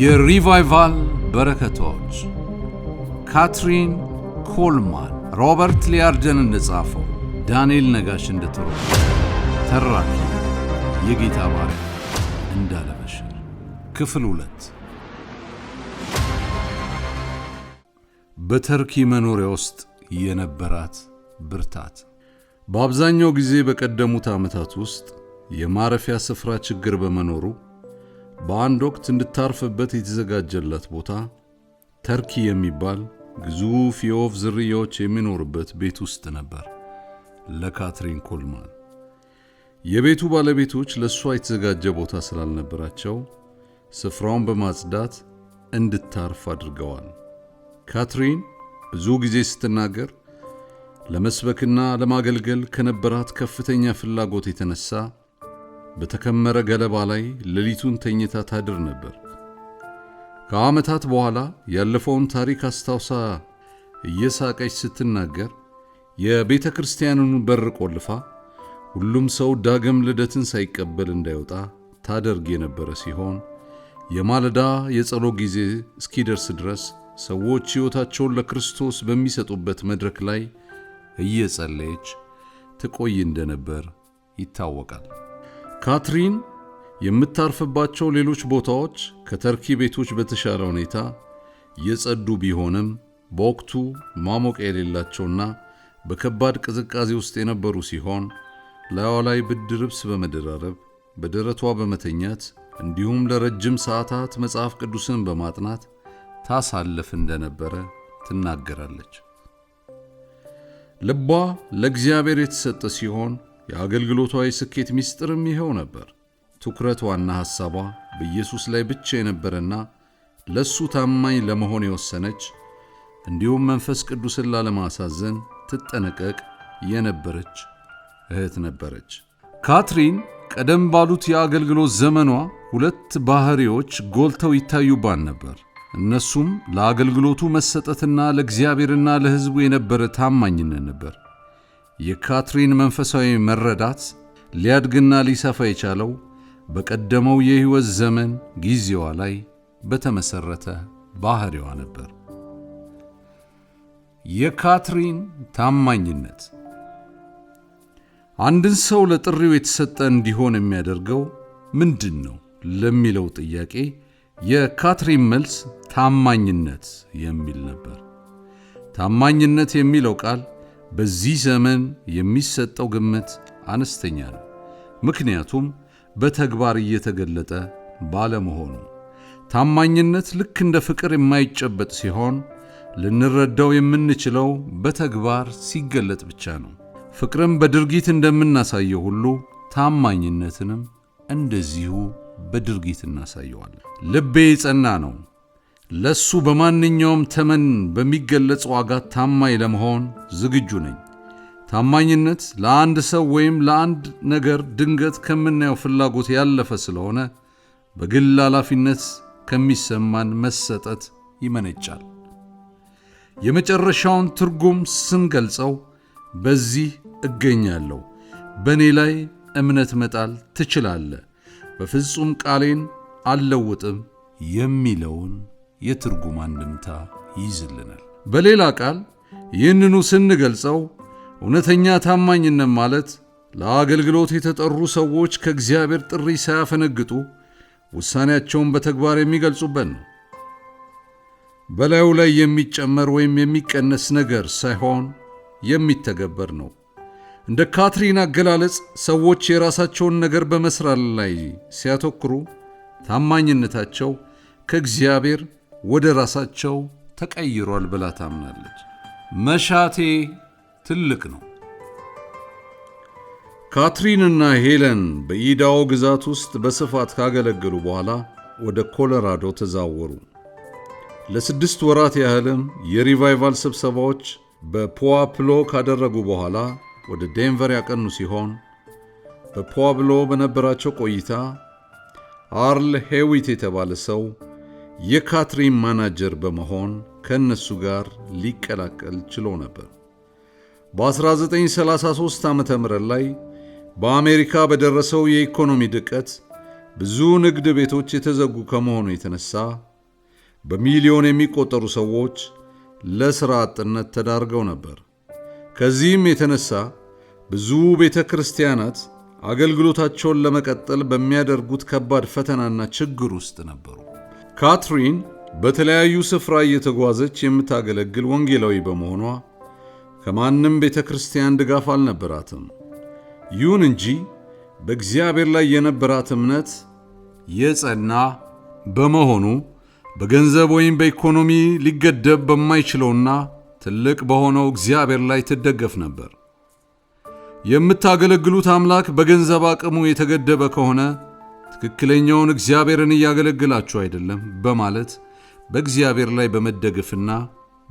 የሪቫይቫል በረከቶች ካትሪን ኮልማን፣ ሮበርት ሊያርደን እንደጻፈው፣ ዳንኤል ነጋሽ እንደተሮ ተራኪ የጌታ ባሪያ እንዳለ ክፍል ሁለት በተርኪ መኖሪያ ውስጥ የነበራት ብርታት። በአብዛኛው ጊዜ በቀደሙት ዓመታት ውስጥ የማረፊያ ስፍራ ችግር በመኖሩ በአንድ ወቅት እንድታርፍበት የተዘጋጀላት ቦታ ተርኪ የሚባል ግዙፍ የወፍ ዝርያዎች የሚኖርበት ቤት ውስጥ ነበር። ለካትሪን ኮልማን የቤቱ ባለቤቶች ለእሷ የተዘጋጀ ቦታ ስላልነበራቸው ስፍራውን በማጽዳት እንድታርፍ አድርገዋል። ካትሪን ብዙ ጊዜ ስትናገር ለመስበክና ለማገልገል ከነበራት ከፍተኛ ፍላጎት የተነሳ በተከመረ ገለባ ላይ ሌሊቱን ተኝታ ታድር ነበር። ከዓመታት በኋላ ያለፈውን ታሪክ አስታውሳ እየሳቀች ስትናገር የቤተ ክርስቲያኑን በር ቆልፋ ሁሉም ሰው ዳግም ልደትን ሳይቀበል እንዳይወጣ ታደርግ የነበረ ሲሆን የማለዳ የጸሎት ጊዜ እስኪደርስ ድረስ ሰዎች ሕይወታቸውን ለክርስቶስ በሚሰጡበት መድረክ ላይ እየጸለየች ትቆይ እንደነበር ይታወቃል። ካትሪን የምታርፍባቸው ሌሎች ቦታዎች ከተርኪ ቤቶች በተሻለ ሁኔታ የጸዱ ቢሆንም በወቅቱ ማሞቅ የሌላቸውና በከባድ ቅዝቃዜ ውስጥ የነበሩ ሲሆን ላይዋ ላይ ብድ ልብስ በመደራረብ በደረቷ በመተኛት እንዲሁም ለረጅም ሰዓታት መጽሐፍ ቅዱስን በማጥናት ታሳልፍ እንደነበረ ትናገራለች። ልቧ ለእግዚአብሔር የተሰጠ ሲሆን የአገልግሎቷ የስኬት ምስጢርም ይኸው ነበር። ትኩረት ዋና ሐሳቧ በኢየሱስ ላይ ብቻ የነበረና ለእሱ ታማኝ ለመሆን የወሰነች እንዲሁም መንፈስ ቅዱስን ላለማሳዘን ትጠነቀቅ የነበረች እህት ነበረች። ካትሪን ቀደም ባሉት የአገልግሎት ዘመኗ ሁለት ባሕሪዎች ጎልተው ይታዩባት ነበር። እነሱም ለአገልግሎቱ መሰጠትና ለእግዚአብሔርና ለሕዝቡ የነበረ ታማኝነት ነበር። የካትሪን መንፈሳዊ መረዳት ሊያድግና ሊሰፋ የቻለው በቀደመው የሕይወት ዘመን ጊዜዋ ላይ በተመሠረተ ባሕሪዋ ነበር። የካትሪን ታማኝነት አንድን ሰው ለጥሪው የተሰጠ እንዲሆን የሚያደርገው ምንድን ነው ለሚለው ጥያቄ የካትሪን መልስ ታማኝነት የሚል ነበር። ታማኝነት የሚለው ቃል በዚህ ዘመን የሚሰጠው ግምት አነስተኛ ነው። ምክንያቱም በተግባር እየተገለጠ ባለመሆኑ ታማኝነት ልክ እንደ ፍቅር የማይጨበጥ ሲሆን ልንረዳው የምንችለው በተግባር ሲገለጥ ብቻ ነው። ፍቅርን በድርጊት እንደምናሳየው ሁሉ ታማኝነትንም እንደዚሁ በድርጊት እናሳየዋለን። ልቤ የጸና ነው ለሱ በማንኛውም ተመን በሚገለጽ ዋጋ ታማኝ ለመሆን ዝግጁ ነኝ። ታማኝነት ለአንድ ሰው ወይም ለአንድ ነገር ድንገት ከምናየው ፍላጎት ያለፈ ስለሆነ በግል ኃላፊነት ከሚሰማን መሰጠት ይመነጫል። የመጨረሻውን ትርጉም ስንገልጸው በዚህ እገኛለሁ፣ በእኔ ላይ እምነት መጣል ትችላለ በፍጹም ቃሌን አልለውጥም የሚለውን የትርጉም አንድምታ ይይዝልናል። በሌላ ቃል ይህንኑ ስንገልጸው እውነተኛ ታማኝነት ማለት ለአገልግሎት የተጠሩ ሰዎች ከእግዚአብሔር ጥሪ ሳያፈነግጡ ውሳኔያቸውን በተግባር የሚገልጹበት ነው። በላዩ ላይ የሚጨመር ወይም የሚቀነስ ነገር ሳይሆን የሚተገበር ነው። እንደ ካትሪን አገላለጽ ሰዎች የራሳቸውን ነገር በመስራት ላይ ሲያተኩሩ ታማኝነታቸው ከእግዚአብሔር ወደ ራሳቸው ተቀይሯል ብላ ታምናለች። መሻቴ ትልቅ ነው። ካትሪንና ሄለን በኢዳው ግዛት ውስጥ በስፋት ካገለገሉ በኋላ ወደ ኮሎራዶ ተዛወሩ። ለስድስት ወራት ያህልም የሪቫይቫል ስብሰባዎች በፖዋፕሎ ካደረጉ በኋላ ወደ ዴንቨር ያቀኑ ሲሆን በፖዋብሎ በነበራቸው ቆይታ አርል ሄዊት የተባለ ሰው የካትሪን ማናጀር በመሆን ከእነሱ ጋር ሊቀላቀል ችሎ ነበር። በ1933 ዓ ም ላይ በአሜሪካ በደረሰው የኢኮኖሚ ድቀት ብዙ ንግድ ቤቶች የተዘጉ ከመሆኑ የተነሳ በሚሊዮን የሚቆጠሩ ሰዎች ለሥራ አጥነት ተዳርገው ነበር። ከዚህም የተነሳ ብዙ ቤተ ክርስቲያናት አገልግሎታቸውን ለመቀጠል በሚያደርጉት ከባድ ፈተናና ችግር ውስጥ ነበሩ። ካትሪን በተለያዩ ስፍራ እየተጓዘች የምታገለግል ወንጌላዊ በመሆኗ ከማንም ቤተ ክርስቲያን ድጋፍ አልነበራትም። ይሁን እንጂ በእግዚአብሔር ላይ የነበራት እምነት የጸና በመሆኑ በገንዘብ ወይም በኢኮኖሚ ሊገደብ በማይችለውና ትልቅ በሆነው እግዚአብሔር ላይ ትደገፍ ነበር። የምታገለግሉት አምላክ በገንዘብ አቅሙ የተገደበ ከሆነ ትክክለኛውን እግዚአብሔርን እያገለግላችሁ አይደለም በማለት በእግዚአብሔር ላይ በመደገፍና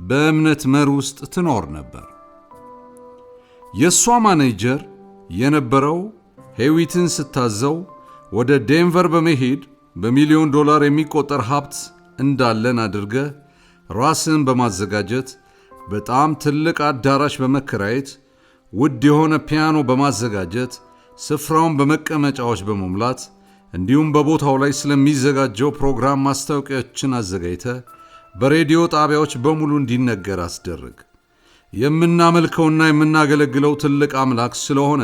በእምነት መር ውስጥ ትኖር ነበር። የእሷ ማኔጀር የነበረው ሄዊትን ስታዘው ወደ ዴንቨር በመሄድ በሚሊዮን ዶላር የሚቆጠር ሀብት እንዳለን አድርገ ራስን በማዘጋጀት በጣም ትልቅ አዳራሽ በመከራየት ውድ የሆነ ፒያኖ በማዘጋጀት ስፍራውን በመቀመጫዎች በመሙላት እንዲሁም በቦታው ላይ ስለሚዘጋጀው ፕሮግራም ማስታወቂያዎችን አዘጋጅተ በሬዲዮ ጣቢያዎች በሙሉ እንዲነገር አስደርግ። የምናመልከውና የምናገለግለው ትልቅ አምላክ ስለሆነ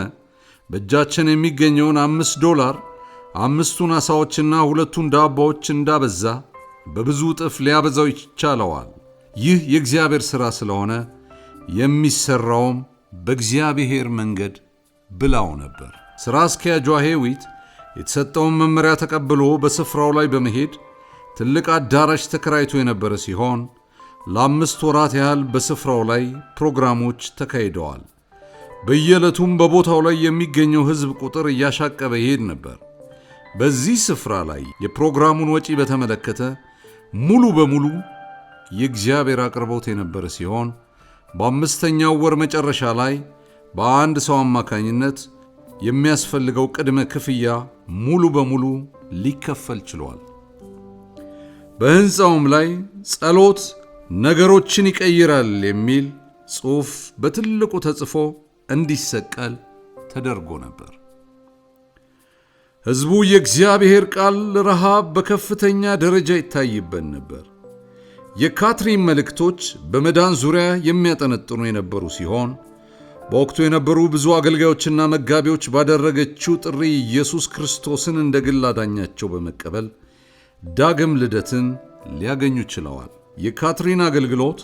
በእጃችን የሚገኘውን አምስት ዶላር አምስቱን ዓሣዎችና ሁለቱን ዳቦዎች እንዳበዛ በብዙ እጥፍ ሊያበዛው ይቻለዋል። ይህ የእግዚአብሔር ሥራ ስለሆነ የሚሠራውም በእግዚአብሔር መንገድ ብላው ነበር። ሥራ አስኪያጇ ሄዊት የተሰጠውን መመሪያ ተቀብሎ በስፍራው ላይ በመሄድ ትልቅ አዳራሽ ተከራይቶ የነበረ ሲሆን ለአምስት ወራት ያህል በስፍራው ላይ ፕሮግራሞች ተካሂደዋል። በየዕለቱም በቦታው ላይ የሚገኘው ሕዝብ ቁጥር እያሻቀበ ይሄድ ነበር። በዚህ ስፍራ ላይ የፕሮግራሙን ወጪ በተመለከተ ሙሉ በሙሉ የእግዚአብሔር አቅርቦት የነበረ ሲሆን በአምስተኛው ወር መጨረሻ ላይ በአንድ ሰው አማካኝነት የሚያስፈልገው ቅድመ ክፍያ ሙሉ በሙሉ ሊከፈል ችሏል። በሕንፃውም ላይ ጸሎት ነገሮችን ይቀይራል የሚል ጽሑፍ በትልቁ ተጽፎ እንዲሰቀል ተደርጎ ነበር። ሕዝቡ የእግዚአብሔር ቃል ረሃብ በከፍተኛ ደረጃ ይታይበት ነበር። የካትሪን መልእክቶች በመዳን ዙሪያ የሚያጠነጥኑ የነበሩ ሲሆን በወቅቱ የነበሩ ብዙ አገልጋዮችና መጋቢዎች ባደረገችው ጥሪ ኢየሱስ ክርስቶስን እንደ ግል አዳኛቸው በመቀበል ዳግም ልደትን ሊያገኙ ችለዋል። የካትሪን አገልግሎት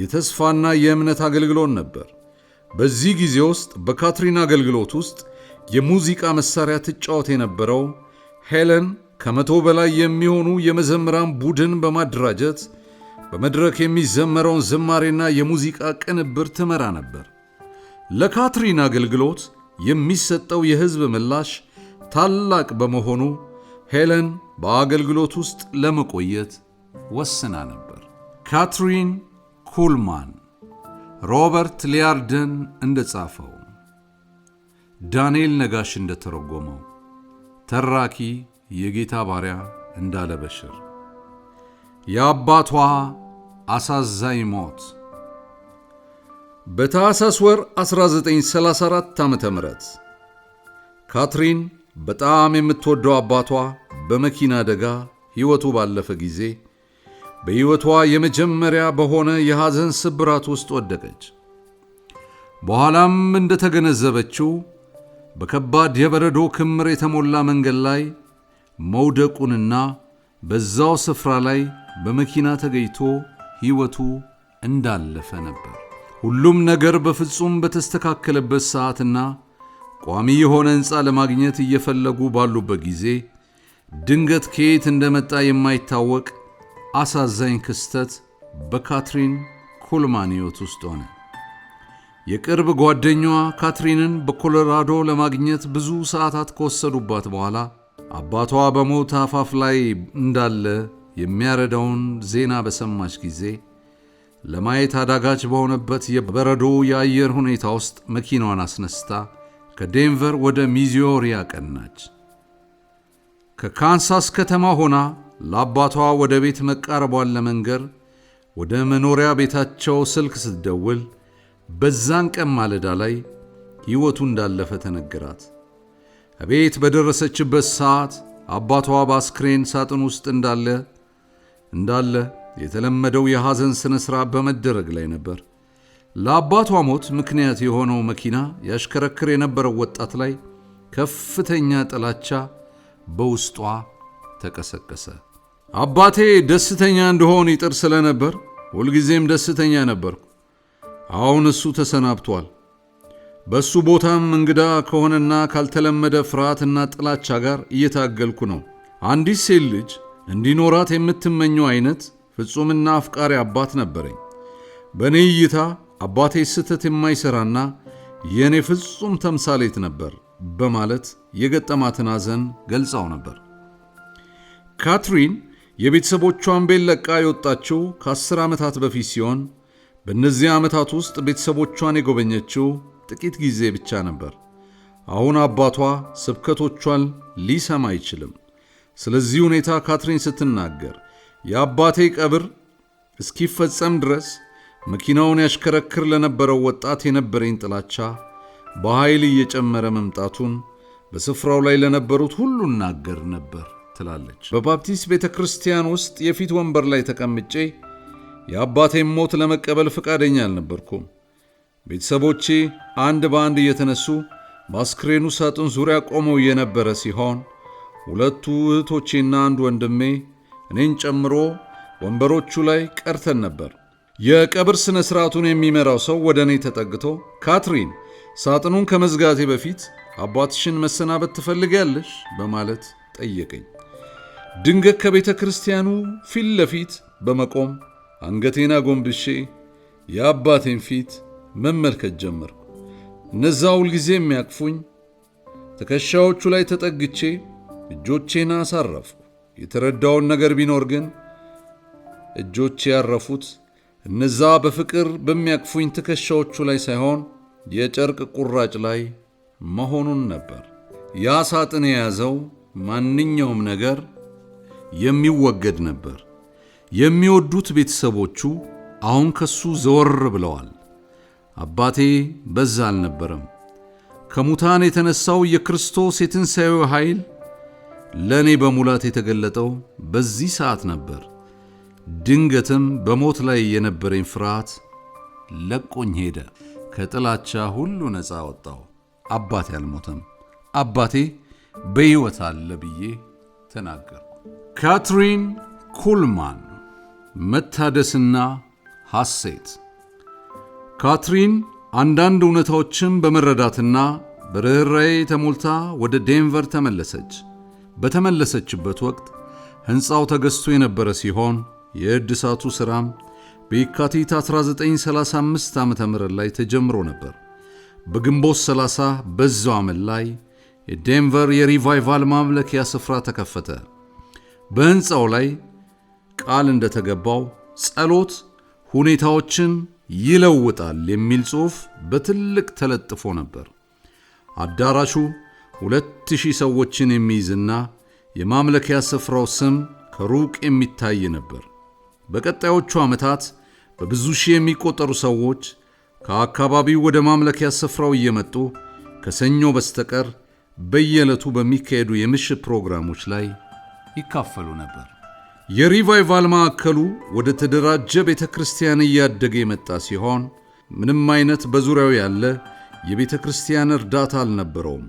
የተስፋና የእምነት አገልግሎት ነበር። በዚህ ጊዜ ውስጥ በካትሪን አገልግሎት ውስጥ የሙዚቃ መሳሪያ ትጫወት የነበረው ሄለን ከመቶ በላይ የሚሆኑ የመዘምራን ቡድን በማደራጀት በመድረክ የሚዘመረውን ዝማሬና የሙዚቃ ቅንብር ትመራ ነበር። ለካትሪን አገልግሎት የሚሰጠው የሕዝብ ምላሽ ታላቅ በመሆኑ ሄለን በአገልግሎት ውስጥ ለመቆየት ወስና ነበር። ካትሪን ኩልማን ሮበርት ሊያርደን እንደጻፈው፣ ዳንኤል ነጋሽ እንደተረጎመው፣ ተራኪ የጌታ ባሪያ እንዳለ በሽር የአባቷ አሳዛኝ ሞት በታህሳስ ወር 1934 ዓ ም ካትሪን በጣም የምትወደው አባቷ በመኪና አደጋ ሕይወቱ ባለፈ ጊዜ በሕይወቷ የመጀመሪያ በሆነ የሐዘን ስብራት ውስጥ ወደቀች። በኋላም እንደተገነዘበችው በከባድ የበረዶ ክምር የተሞላ መንገድ ላይ መውደቁንና በዛው ስፍራ ላይ በመኪና ተገይቶ ሕይወቱ እንዳለፈ ነበር። ሁሉም ነገር በፍጹም በተስተካከለበት ሰዓትና ቋሚ የሆነ ሕንፃ ለማግኘት እየፈለጉ ባሉበት ጊዜ ድንገት ከየት እንደመጣ የማይታወቅ አሳዛኝ ክስተት በካትሪን ኮልማን ሕይወት ውስጥ ሆነ። የቅርብ ጓደኛዋ ካትሪንን በኮሎራዶ ለማግኘት ብዙ ሰዓታት ከወሰዱባት በኋላ አባቷ በሞት አፋፍ ላይ እንዳለ የሚያረዳውን ዜና በሰማች ጊዜ ለማየት አዳጋች በሆነበት የበረዶ የአየር ሁኔታ ውስጥ መኪናዋን አስነስታ ከዴንቨር ወደ ሚዙሪ አቀናች። ከካንሳስ ከተማ ሆና ለአባቷ ወደ ቤት መቃረቧን ለመንገር ወደ መኖሪያ ቤታቸው ስልክ ስትደውል በዛን ቀን ማለዳ ላይ ሕይወቱ እንዳለፈ ተነግራት። ከቤት በደረሰችበት ሰዓት አባቷ በአስክሬን ሳጥን ውስጥ እንዳለ እንዳለ የተለመደው የሐዘን ሥነ ሥራ በመደረግ ላይ ነበር። ለአባቷ ሞት ምክንያት የሆነው መኪና ያሽከረክር የነበረው ወጣት ላይ ከፍተኛ ጥላቻ በውስጧ ተቀሰቀሰ። አባቴ ደስተኛ እንደሆን ይጥር ስለነበር ሁልጊዜም ደስተኛ ነበርኩ። አሁን እሱ ተሰናብቷል። በእሱ ቦታም እንግዳ ከሆነና ካልተለመደ ፍርሃትና ጥላቻ ጋር እየታገልኩ ነው። አንዲት ሴት ልጅ እንዲኖራት የምትመኘው አይነት ፍጹምና አፍቃሪ አባት ነበረኝ። በእኔ እይታ አባቴ ስህተት የማይሠራና የእኔ ፍጹም ተምሳሌት ነበር በማለት የገጠማትን ሐዘን ገልጸው ነበር። ካትሪን የቤተሰቦቿን ቤት ለቃ የወጣችው ከአስር ዓመታት በፊት ሲሆን በእነዚህ ዓመታት ውስጥ ቤተሰቦቿን የጎበኘችው ጥቂት ጊዜ ብቻ ነበር። አሁን አባቷ ስብከቶቿን ሊሰማ አይችልም። ስለዚህ ሁኔታ ካትሪን ስትናገር የአባቴ ቀብር እስኪፈጸም ድረስ መኪናውን ያሽከረክር ለነበረው ወጣት የነበረኝ ጥላቻ በኃይል እየጨመረ መምጣቱን በስፍራው ላይ ለነበሩት ሁሉ እናገር ነበር ትላለች። በባፕቲስት ቤተ ክርስቲያን ውስጥ የፊት ወንበር ላይ ተቀምጬ የአባቴን ሞት ለመቀበል ፈቃደኛ አልነበርኩም። ቤተሰቦቼ አንድ በአንድ እየተነሱ በአስክሬኑ ሳጥን ዙሪያ ቆመው የነበረ ሲሆን ሁለቱ እህቶቼና አንድ ወንድሜ እኔን ጨምሮ ወንበሮቹ ላይ ቀርተን ነበር። የቀብር ሥነ ሥርዓቱን የሚመራው ሰው ወደ እኔ ተጠግቶ ካትሪን፣ ሳጥኑን ከመዝጋቴ በፊት አባትሽን መሰናበት ትፈልጊያለሽ? በማለት ጠየቀኝ። ድንገት ከቤተ ክርስቲያኑ ፊት ለፊት በመቆም አንገቴን አጎንብሼ የአባቴን ፊት መመልከት ጀመርኩ። እነዛ ሁልጊዜ የሚያቅፉኝ ትከሻዎቹ ላይ ተጠግቼ እጆቼን አሳረፍኩ። የተረዳውን ነገር ቢኖር ግን እጆቼ ያረፉት እነዛ በፍቅር በሚያቅፉኝ ትከሻዎቹ ላይ ሳይሆን የጨርቅ ቁራጭ ላይ መሆኑን ነበር። ያ ሳጥን የያዘው ማንኛውም ነገር የሚወገድ ነበር። የሚወዱት ቤተሰቦቹ አሁን ከሱ ዘወር ብለዋል። አባቴ በዛ አልነበረም። ከሙታን የተነሳው የክርስቶስ የትንሣኤው ኃይል ለእኔ በሙላት የተገለጠው በዚህ ሰዓት ነበር። ድንገትም በሞት ላይ የነበረኝ ፍርሃት ለቆኝ ሄደ። ከጥላቻ ሁሉ ነፃ ወጣው። አባቴ አልሞተም፣ አባቴ በሕይወት አለ ብዬ ተናገር። ካትሪን ኩልማን መታደስና ሐሴት። ካትሪን አንዳንድ እውነታዎችን በመረዳትና በርኅራዬ ተሞልታ ወደ ዴንቨር ተመለሰች። በተመለሰችበት ወቅት ሕንፃው ተገዝቶ የነበረ ሲሆን የእድሳቱ ሥራም በየካቲት 1935 ዓ ም ላይ ተጀምሮ ነበር። በግንቦት 30 በዛው ዓመት ላይ የዴንቨር የሪቫይቫል ማምለኪያ ስፍራ ተከፈተ። በሕንፃው ላይ ቃል እንደተገባው ጸሎት ሁኔታዎችን ይለውጣል የሚል ጽሑፍ በትልቅ ተለጥፎ ነበር። አዳራሹ ሁለት ሺህ ሰዎችን የሚይዝና የማምለኪያ ስፍራው ስም ከሩቅ የሚታይ ነበር። በቀጣዮቹ ዓመታት በብዙ ሺህ የሚቆጠሩ ሰዎች ከአካባቢው ወደ ማምለኪያ ስፍራው እየመጡ ከሰኞ በስተቀር በየዕለቱ በሚካሄዱ የምሽት ፕሮግራሞች ላይ ይካፈሉ ነበር። የሪቫይቫል ማዕከሉ ወደ ተደራጀ ቤተ ክርስቲያን እያደገ የመጣ ሲሆን ምንም አይነት በዙሪያው ያለ የቤተ ክርስቲያን እርዳታ አልነበረውም።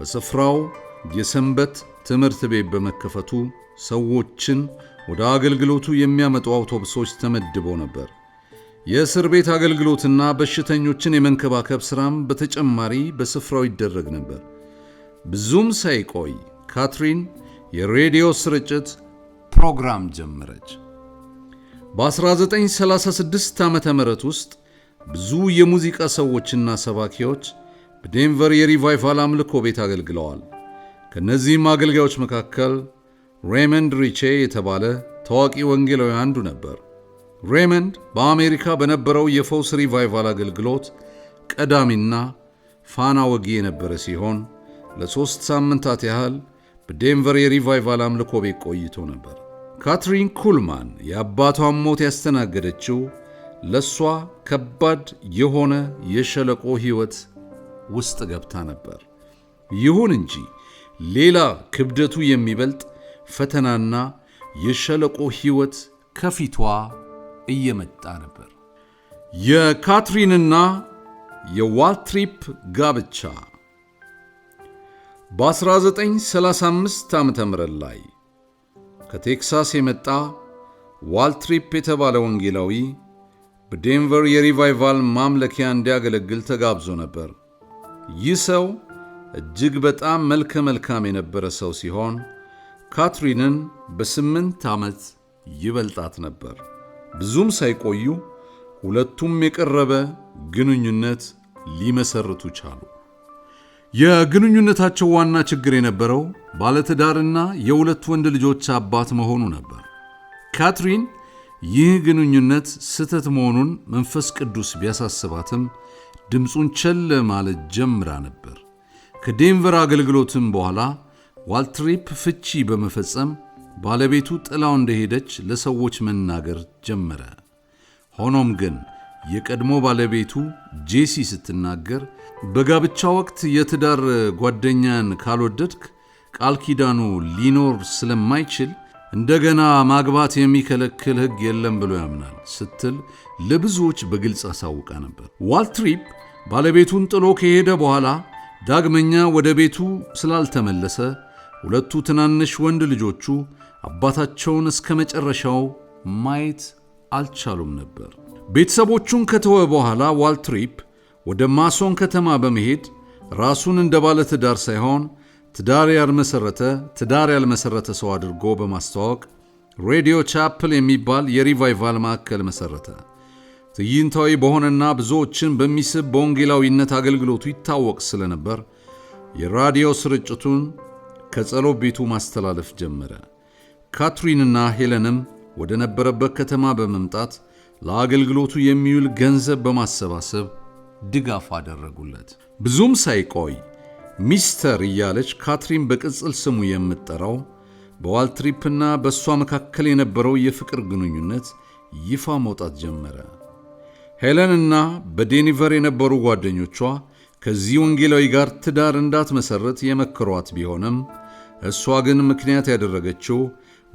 በስፍራው የሰንበት ትምህርት ቤት በመከፈቱ ሰዎችን ወደ አገልግሎቱ የሚያመጡ አውቶቡሶች ተመድበው ነበር። የእስር ቤት አገልግሎትና በሽተኞችን የመንከባከብ ሥራም በተጨማሪ በስፍራው ይደረግ ነበር። ብዙም ሳይቆይ ካትሪን የሬዲዮ ስርጭት ፕሮግራም ጀመረች። በ1936 ዓ ም ውስጥ ብዙ የሙዚቃ ሰዎችና ሰባኪዎች በዴንቨር የሪቫይቫል አምልኮ ቤት አገልግለዋል። ከእነዚህም አገልጋዮች መካከል ሬመንድ ሪቼ የተባለ ታዋቂ ወንጌላዊ አንዱ ነበር። ሬመንድ በአሜሪካ በነበረው የፈውስ ሪቫይቫል አገልግሎት ቀዳሚና ፋና ወጊ የነበረ ሲሆን ለሦስት ሳምንታት ያህል በዴንቨር የሪቫይቫል አምልኮ ቤት ቆይቶ ነበር። ካትሪን ኩልማን የአባቷን ሞት ያስተናገደችው ለእሷ ከባድ የሆነ የሸለቆ ሕይወት ውስጥ ገብታ ነበር። ይሁን እንጂ ሌላ ክብደቱ የሚበልጥ ፈተናና የሸለቆ ሕይወት ከፊቷ እየመጣ ነበር። የካትሪንና የዋልትሪፕ ጋብቻ በ1935 ዓ ም ላይ ከቴክሳስ የመጣ ዋልትሪፕ የተባለ ወንጌላዊ በዴንቨር የሪቫይቫል ማምለኪያ እንዲያገለግል ተጋብዞ ነበር። ይህ ሰው እጅግ በጣም መልከ መልካም የነበረ ሰው ሲሆን ካትሪንን በስምንት ዓመት ይበልጣት ነበር። ብዙም ሳይቆዩ ሁለቱም የቀረበ ግንኙነት ሊመሰርቱ ቻሉ። የግንኙነታቸው ዋና ችግር የነበረው ባለትዳርና የሁለት ወንድ ልጆች አባት መሆኑ ነበር። ካትሪን ይህ ግንኙነት ስህተት መሆኑን መንፈስ ቅዱስ ቢያሳስባትም ድምፁን ቸል ማለት ጀምራ ነበር። ከዴንቨር አገልግሎትም በኋላ ዋልትሪፕ ፍቺ በመፈጸም ባለቤቱ ጥላው እንደሄደች ለሰዎች መናገር ጀመረ። ሆኖም ግን የቀድሞ ባለቤቱ ጄሲ ስትናገር በጋብቻ ወቅት የትዳር ጓደኛን ካልወደድክ ቃል ኪዳኑ ሊኖር ስለማይችል እንደገና ማግባት የሚከለክል ሕግ የለም ብሎ ያምናል ስትል ለብዙዎች በግልጽ አሳውቃ ነበር። ዋልትሪፕ ባለቤቱን ጥሎ ከሄደ በኋላ ዳግመኛ ወደ ቤቱ ስላልተመለሰ ሁለቱ ትናንሽ ወንድ ልጆቹ አባታቸውን እስከ መጨረሻው ማየት አልቻሉም ነበር። ቤተሰቦቹን ከተወ በኋላ ዋልትሪፕ ወደ ማሶን ከተማ በመሄድ ራሱን እንደ ባለ ትዳር ሳይሆን ትዳር ያልመሰረተ ትዳር ያልመሰረተ ሰው አድርጎ በማስተዋወቅ ሬዲዮ ቻፕል የሚባል የሪቫይቫል ማዕከል መሰረተ። ትዕይንታዊ በሆነና ብዙዎችን በሚስብ በወንጌላዊነት አገልግሎቱ ይታወቅ ስለነበር የራዲዮ ስርጭቱን ከጸሎት ቤቱ ማስተላለፍ ጀመረ። ካትሪንና ሄለንም ወደ ነበረበት ከተማ በመምጣት ለአገልግሎቱ የሚውል ገንዘብ በማሰባሰብ ድጋፍ አደረጉለት። ብዙም ሳይቆይ ሚስተር እያለች ካትሪን በቅጽል ስሙ የምትጠራው በዋልትሪፕና በእሷ መካከል የነበረው የፍቅር ግንኙነት ይፋ መውጣት ጀመረ። ሄለንና በዴኒቨር የነበሩ ጓደኞቿ ከዚህ ወንጌላዊ ጋር ትዳር እንዳትመሠረት የመከሯት ቢሆንም እሷ ግን ምክንያት ያደረገችው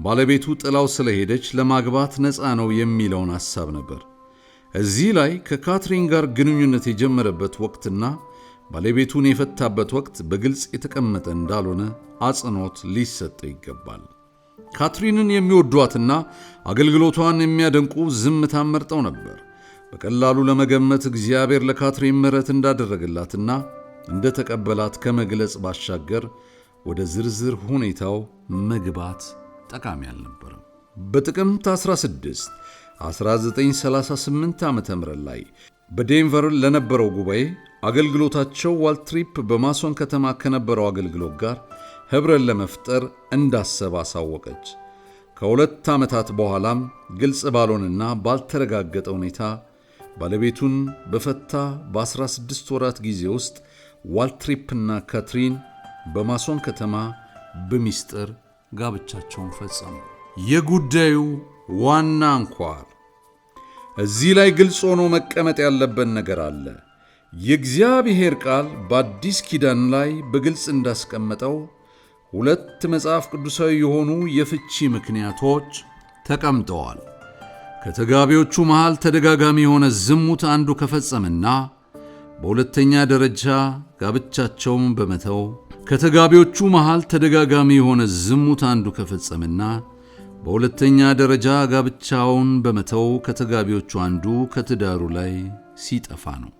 ባለቤቱ ጥላው ስለሄደች ለማግባት ነፃ ነው የሚለውን ሐሳብ ነበር። እዚህ ላይ ከካትሪን ጋር ግንኙነት የጀመረበት ወቅትና ባለቤቱን የፈታበት ወቅት በግልጽ የተቀመጠ እንዳልሆነ አጽንዖት ሊሰጠ ይገባል። ካትሪንን የሚወዷትና አገልግሎቷን የሚያደንቁ ዝምታን መርጠው ነበር። በቀላሉ ለመገመት እግዚአብሔር ለካትሪን ምሕረት እንዳደረገላትና እንደ ተቀበላት ከመግለጽ ባሻገር ወደ ዝርዝር ሁኔታው መግባት ጠቃሚ አልነበረም። በጥቅምት 16 1938 ዓ ም ላይ በዴንቨር ለነበረው ጉባኤ አገልግሎታቸው ዋልትሪፕ በማሶን ከተማ ከነበረው አገልግሎት ጋር ኅብረን ለመፍጠር እንዳሰበ አሳወቀች። ከሁለት ዓመታት በኋላም ግልጽ ባልሆነና ባልተረጋገጠ ሁኔታ ባለቤቱን በፈታ በ16 ወራት ጊዜ ውስጥ ዋልትሪፕና ካትሪን በማሶን ከተማ በሚስጥር ጋብቻቸውን ፈጸሙ። የጉዳዩ ዋና አንኳር እዚህ ላይ ግልጽ ሆኖ መቀመጥ ያለበት ነገር አለ። የእግዚአብሔር ቃል በአዲስ ኪዳን ላይ በግልጽ እንዳስቀመጠው ሁለት መጽሐፍ ቅዱሳዊ የሆኑ የፍቺ ምክንያቶች ተቀምጠዋል። ከተጋቢዎቹ መሃል ተደጋጋሚ የሆነ ዝሙት አንዱ ከፈጸመና በሁለተኛ ደረጃ ጋብቻቸውን በመተው ከተጋቢዎቹ መሃል ተደጋጋሚ የሆነ ዝሙት አንዱ ከፈጸመና በሁለተኛ ደረጃ ጋብቻውን በመተው ከተጋቢዎቹ አንዱ ከትዳሩ ላይ ሲጠፋ ነው።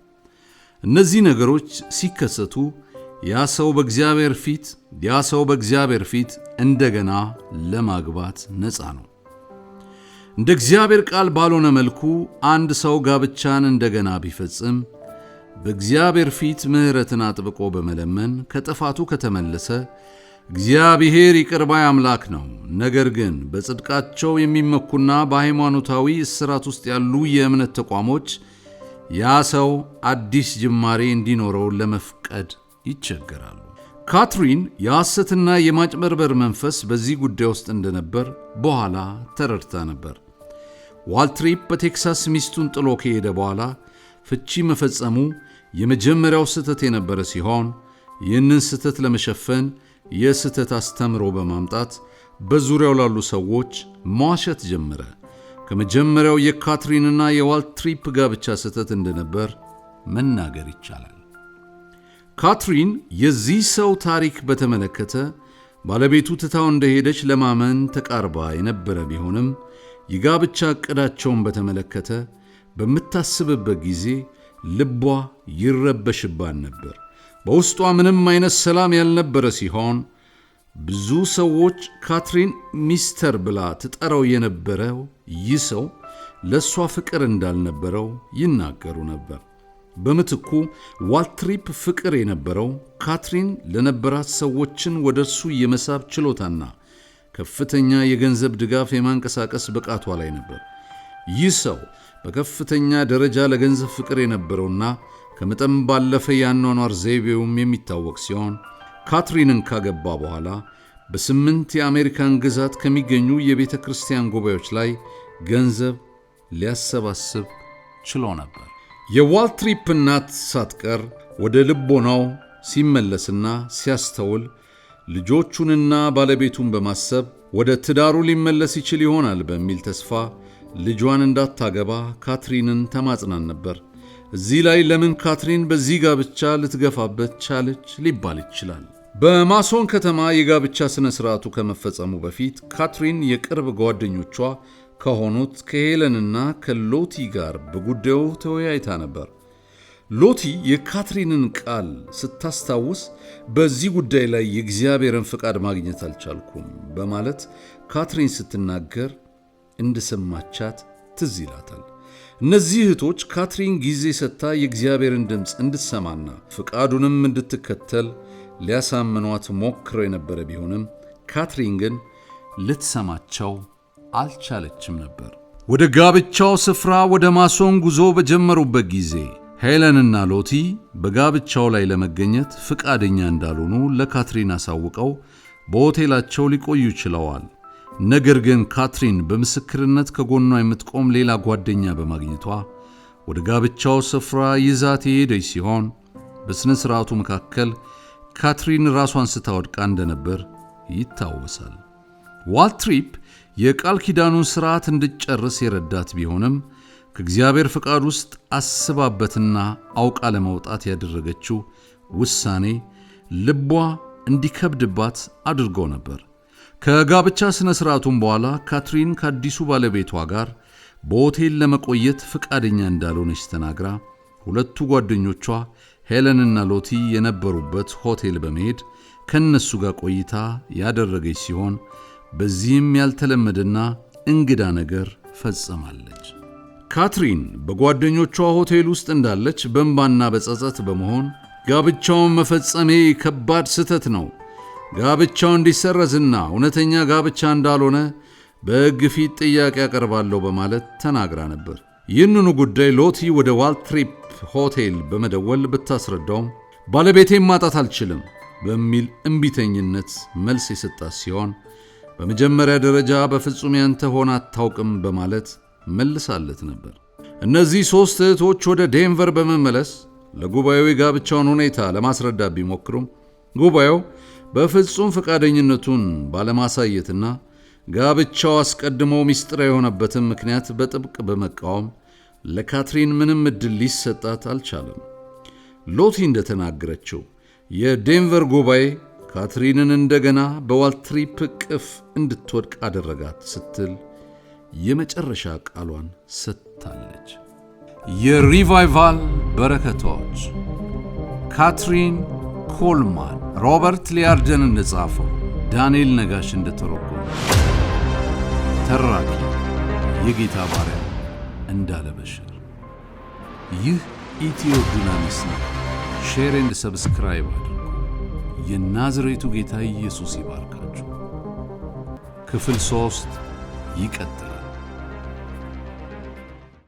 እነዚህ ነገሮች ሲከሰቱ ያ ሰው በእግዚአብሔር ፊት ያ ሰው በእግዚአብሔር ፊት እንደገና ለማግባት ነፃ ነው። እንደ እግዚአብሔር ቃል ባልሆነ መልኩ አንድ ሰው ጋብቻን እንደገና ቢፈጽም በእግዚአብሔር ፊት ምሕረትን አጥብቆ በመለመን ከጥፋቱ ከተመለሰ እግዚአብሔር ይቅርባይ አምላክ ነው። ነገር ግን በጽድቃቸው የሚመኩና በሃይማኖታዊ እስራት ውስጥ ያሉ የእምነት ተቋሞች ያ ሰው አዲስ ጅማሬ እንዲኖረው ለመፍቀድ ይቸገራሉ። ካትሪን የሐሰትና የማጭበርበር መንፈስ በዚህ ጉዳይ ውስጥ እንደነበር በኋላ ተረድታ ነበር። ዋልትሪፕ በቴክሳስ ሚስቱን ጥሎ ከሄደ በኋላ ፍቺ መፈጸሙ የመጀመሪያው ስህተት የነበረ ሲሆን ይህንን ስህተት ለመሸፈን የስህተት አስተምሮ በማምጣት በዙሪያው ላሉ ሰዎች መዋሸት ጀመረ። ከመጀመሪያው የካትሪንና የዋልትሪፕ ጋብቻ ስህተት እንደነበር መናገር ይቻላል። ካትሪን የዚህ ሰው ታሪክ በተመለከተ ባለቤቱ ትታው እንደሄደች ለማመን ተቃርባ የነበረ ቢሆንም የጋብቻ ዕቅዳቸውን በተመለከተ በምታስብበት ጊዜ ልቧ ይረበሽባን ነበር። በውስጧ ምንም አይነት ሰላም ያልነበረ ሲሆን ብዙ ሰዎች ካትሪን ሚስተር ብላ ትጠራው የነበረው ይህ ሰው ለእሷ ፍቅር እንዳልነበረው ይናገሩ ነበር። በምትኩ ዋልትሪፕ ፍቅር የነበረው ካትሪን ለነበራት ሰዎችን ወደ እርሱ የመሳብ ችሎታና ከፍተኛ የገንዘብ ድጋፍ የማንቀሳቀስ ብቃቷ ላይ ነበር። ይህ ሰው በከፍተኛ ደረጃ ለገንዘብ ፍቅር የነበረውና ከመጠን ባለፈ የአኗኗር ዘይቤውም የሚታወቅ ሲሆን ካትሪንን ካገባ በኋላ በስምንት የአሜሪካን ግዛት ከሚገኙ የቤተ ክርስቲያን ጉባኤዎች ላይ ገንዘብ ሊያሰባስብ ችሎ ነበር። የዋልትሪፕ እናት ሳትቀር ወደ ልቦናው ሲመለስና ሲያስተውል ልጆቹንና ባለቤቱን በማሰብ ወደ ትዳሩ ሊመለስ ይችል ይሆናል በሚል ተስፋ ልጇን እንዳታገባ ካትሪንን ተማጽናን ነበር። እዚህ ላይ ለምን ካትሪን በዚህ ጋብቻ ልትገፋበት ቻለች ሊባል ይችላል። በማሶን ከተማ የጋብቻ ሥነ ሥርዓቱ ከመፈጸሙ በፊት ካትሪን የቅርብ ጓደኞቿ ከሆኑት ከሄለንና ከሎቲ ጋር በጉዳዩ ተወያይታ ነበር። ሎቲ የካትሪንን ቃል ስታስታውስ በዚህ ጉዳይ ላይ የእግዚአብሔርን ፍቃድ ማግኘት አልቻልኩም በማለት ካትሪን ስትናገር እንደሰማቻት ትዝ ይላታል። እነዚህ እህቶች ካትሪን ጊዜ ሰጥታ የእግዚአብሔርን ድምፅ እንድትሰማና ፍቃዱንም እንድትከተል ሊያሳምኗት ሞክረው የነበረ ቢሆንም ካትሪን ግን ልትሰማቸው አልቻለችም ነበር። ወደ ጋብቻው ስፍራ ወደ ማሶን ጉዞ በጀመሩበት ጊዜ ሄለንና ሎቲ በጋብቻው ላይ ለመገኘት ፍቃደኛ እንዳልሆኑ ለካትሪን አሳውቀው በሆቴላቸው ሊቆዩ ችለዋል። ነገር ግን ካትሪን በምስክርነት ከጎኗ የምትቆም ሌላ ጓደኛ በማግኘቷ ወደ ጋብቻው ስፍራ ይዛት የሄደች ሲሆን በሥነ ሥርዓቱ መካከል ካትሪን ራሷን ስታወድቃ እንደነበር ይታወሳል። ዋልትሪፕ የቃል ኪዳኑን ሥርዓት እንድጨርስ የረዳት ቢሆንም ከእግዚአብሔር ፍቃድ ውስጥ አስባበትና አውቃ ለመውጣት ያደረገችው ውሳኔ ልቧ እንዲከብድባት አድርጎ ነበር። ከጋብቻ ሥነ ሥርዓቱም በኋላ ካትሪን ከአዲሱ ባለቤቷ ጋር በሆቴል ለመቆየት ፈቃደኛ እንዳልሆነች ተናግራ ሁለቱ ጓደኞቿ ሄለንና ሎቲ የነበሩበት ሆቴል በመሄድ ከእነሱ ጋር ቆይታ ያደረገች ሲሆን በዚህም ያልተለመደና እንግዳ ነገር ፈጸማለች። ካትሪን በጓደኞቿ ሆቴል ውስጥ እንዳለች በእንባና በጸጸት በመሆን ጋብቻውን መፈጸሜ ከባድ ስህተት ነው፣ ጋብቻው እንዲሰረዝና እውነተኛ ጋብቻ እንዳልሆነ በሕግ ፊት ጥያቄ አቀርባለሁ በማለት ተናግራ ነበር። ይህንኑ ጉዳይ ሎቲ ወደ ዋልትሪፕ ሆቴል በመደወል ብታስረዳውም ባለቤቴን ማጣት አልችልም በሚል እምቢተኝነት መልስ የሰጣት ሲሆን በመጀመሪያ ደረጃ በፍጹም ያንተ ሆና አታውቅም በማለት መልሳለት ነበር። እነዚህ ሦስት እህቶች ወደ ዴንቨር በመመለስ ለጉባኤው የጋብቻውን ሁኔታ ለማስረዳት ቢሞክሩም ጉባኤው በፍጹም ፈቃደኝነቱን ባለማሳየትና ጋብቻው አስቀድሞ ሚስጥር የሆነበትን ምክንያት በጥብቅ በመቃወም ለካትሪን ምንም ዕድል ሊሰጣት አልቻለም። ሎቲ እንደተናገረችው የዴንቨር ጉባኤ ካትሪንን እንደገና በዋልትሪፕ ቅፍ እንድትወድቅ አደረጋት ስትል የመጨረሻ ቃሏን ሰጥታለች። የሪቫይቫል በረከቶች ካትሪን ኮልማን፣ ሮበርት ሊያርደን እንደጻፈው፣ ዳንኤል ነጋሽ እንደተረጎመ፣ ተራኪ የጌታ ባሪያ እንዳለ በሽር። ይህ ኢትዮ ዱናሚስ ነው። ሼር ኤንድ ሰብስክራይብ አድርጉ። የናዝሬቱ ጌታ ኢየሱስ ይባርካችሁ። ክፍል ሦስት ይቀጥላል።